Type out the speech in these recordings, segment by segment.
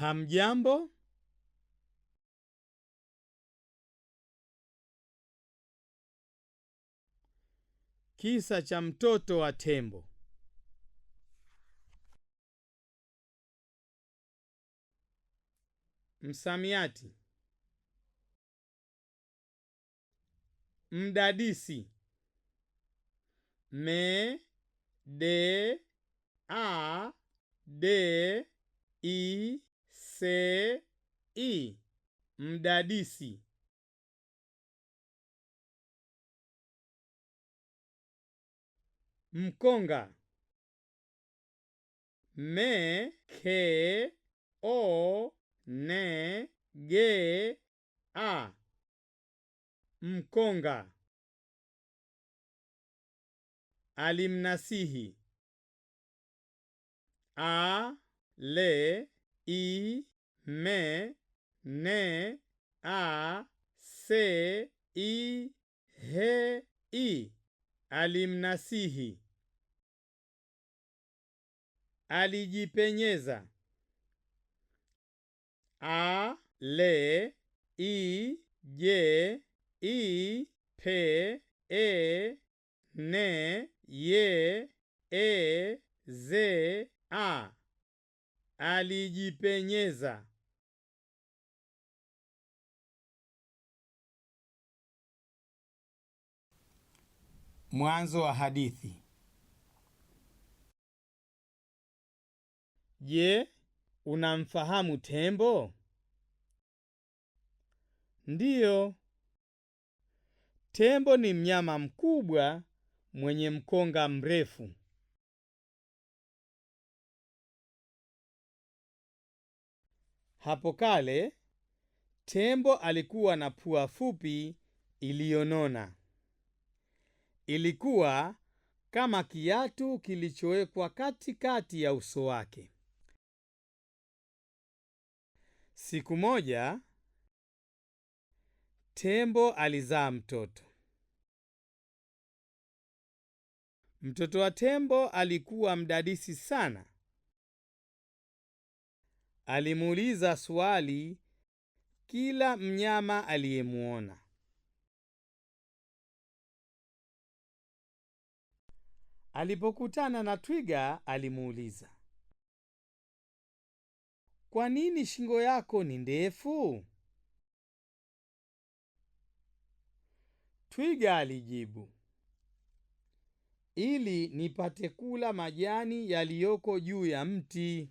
Hamjambo? Kisa cha mtoto wa tembo. Msamiati, mdadisi. Me, de, a, de, i, se i mdadisi mkonga me ke o ne ge a mkonga alimnasihi a le i me, ne a se i he i alimnasihi, alijipenyeza a le i je i pe e ne ye e ze a alijipenyeza Mwanzo wa hadithi. Je, unamfahamu tembo? Ndiyo. Tembo ni mnyama mkubwa mwenye mkonga mrefu. Hapo kale, tembo alikuwa na pua fupi iliyonona. Ilikuwa kama kiatu kilichowekwa katikati ya uso wake. Siku moja tembo alizaa mtoto. Mtoto wa tembo alikuwa mdadisi sana. Alimuuliza swali kila mnyama aliyemwona. Alipokutana na twiga alimuuliza, kwa nini shingo yako ni ndefu? Twiga alijibu, ili nipate kula majani yaliyoko juu ya mti.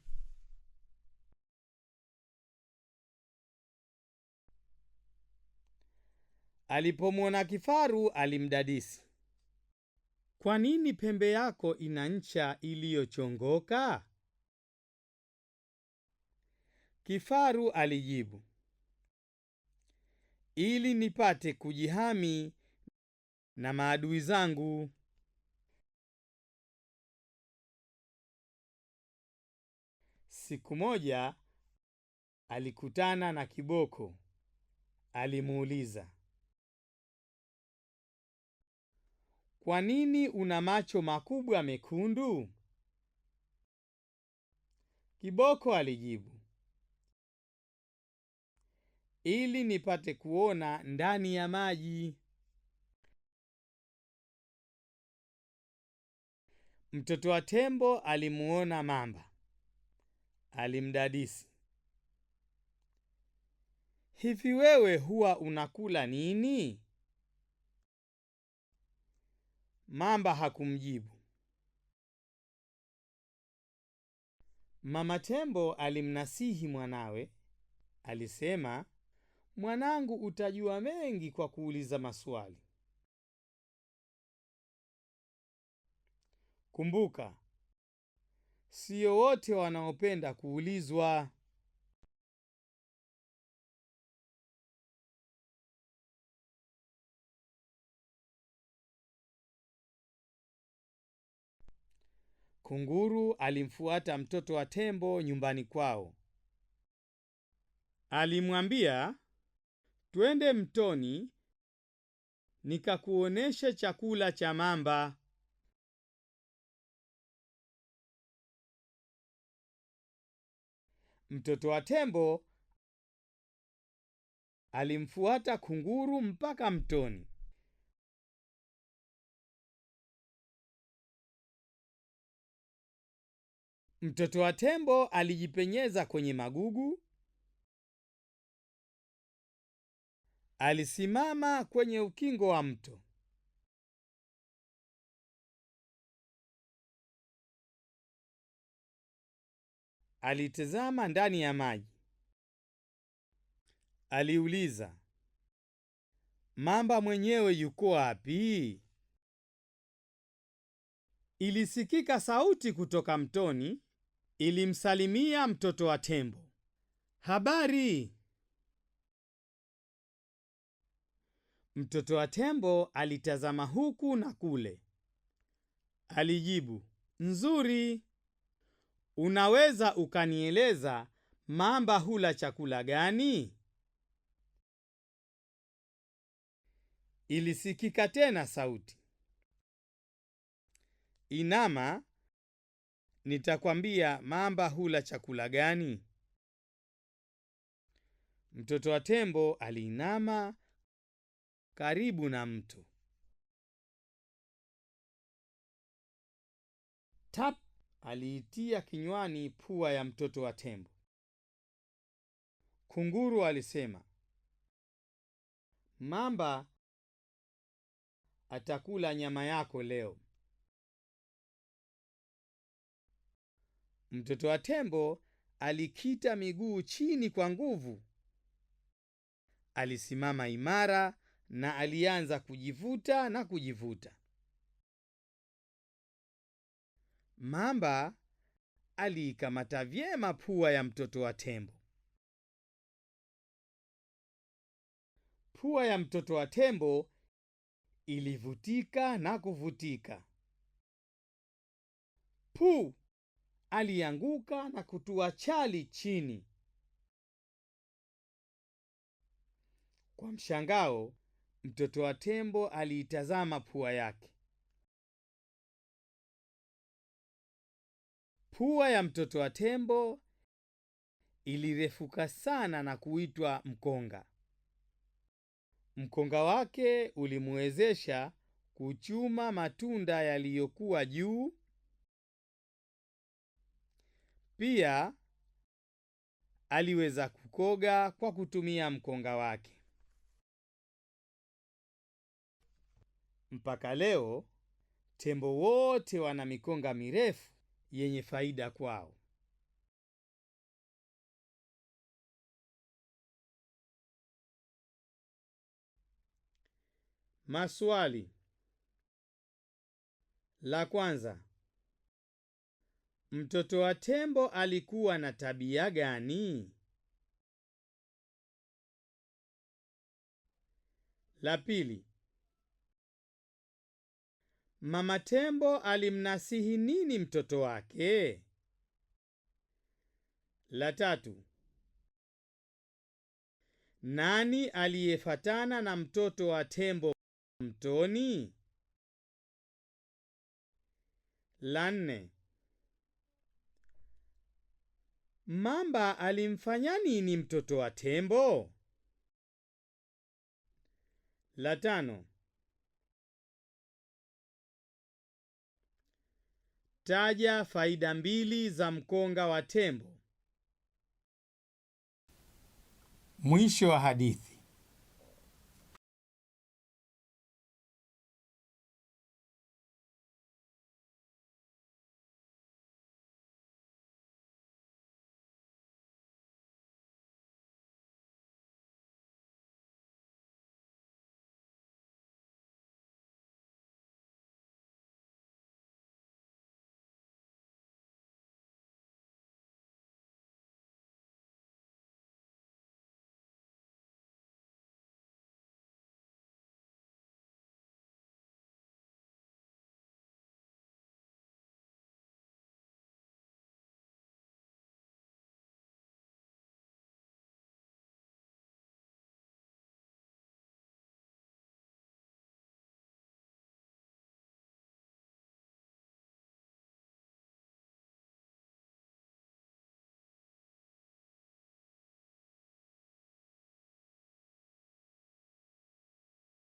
Alipomwona kifaru alimdadisi, kwa nini pembe yako ina ncha iliyochongoka? Kifaru alijibu, ili nipate kujihami na maadui zangu. Siku moja alikutana na kiboko. Alimuuliza, Kwa nini una macho makubwa mekundu? Kiboko alijibu, ili nipate kuona ndani ya maji. Mtoto wa tembo alimuona mamba, alimdadisi, hivi wewe huwa unakula nini? Mamba hakumjibu. Mama Tembo alimnasihi mwanawe, alisema, mwanangu, utajua mengi kwa kuuliza maswali. Kumbuka, siyo wote wanaopenda kuulizwa. Kunguru alimfuata mtoto wa tembo nyumbani kwao. Alimwambia, twende mtoni nikakuoneshe chakula cha mamba. Mtoto wa tembo alimfuata kunguru mpaka mtoni. Mtoto wa tembo alijipenyeza kwenye magugu. Alisimama kwenye ukingo wa mto. Alitazama ndani ya maji. Aliuliza, mamba mwenyewe yuko wapi? Ilisikika sauti kutoka mtoni. Ilimsalimia mtoto wa tembo, habari. Mtoto wa tembo alitazama huku na kule, alijibu, nzuri. Unaweza ukanieleza mamba hula chakula gani? Ilisikika tena sauti, inama Nitakwambia mamba hula chakula gani? Mtoto wa tembo aliinama karibu na mto. Tap aliitia kinywani pua ya mtoto wa tembo. Kunguru alisema, mamba atakula nyama yako leo. Mtoto wa tembo alikita miguu chini kwa nguvu. Alisimama imara na alianza kujivuta na kujivuta. Mamba aliikamata vyema pua ya mtoto wa tembo. Pua ya mtoto wa tembo ilivutika na kuvutika. Puu! alianguka na kutua chali chini. Kwa mshangao, mtoto wa tembo aliitazama pua yake. Pua ya mtoto wa tembo ilirefuka sana na kuitwa mkonga. Mkonga wake ulimwezesha kuchuma matunda yaliyokuwa juu pia aliweza kukoga kwa kutumia mkonga wake. Mpaka leo tembo wote wana mikonga mirefu yenye faida kwao. Maswali la kwanza. Mtoto wa tembo alikuwa na tabia gani? La pili, mama tembo alimnasihi nini mtoto wake? La tatu, nani aliyefatana na mtoto wa tembo mtoni? La nne Mamba alimfanya nini mtoto wa tembo? La tano. Taja faida mbili za mkonga wa tembo. Mwisho wa hadithi.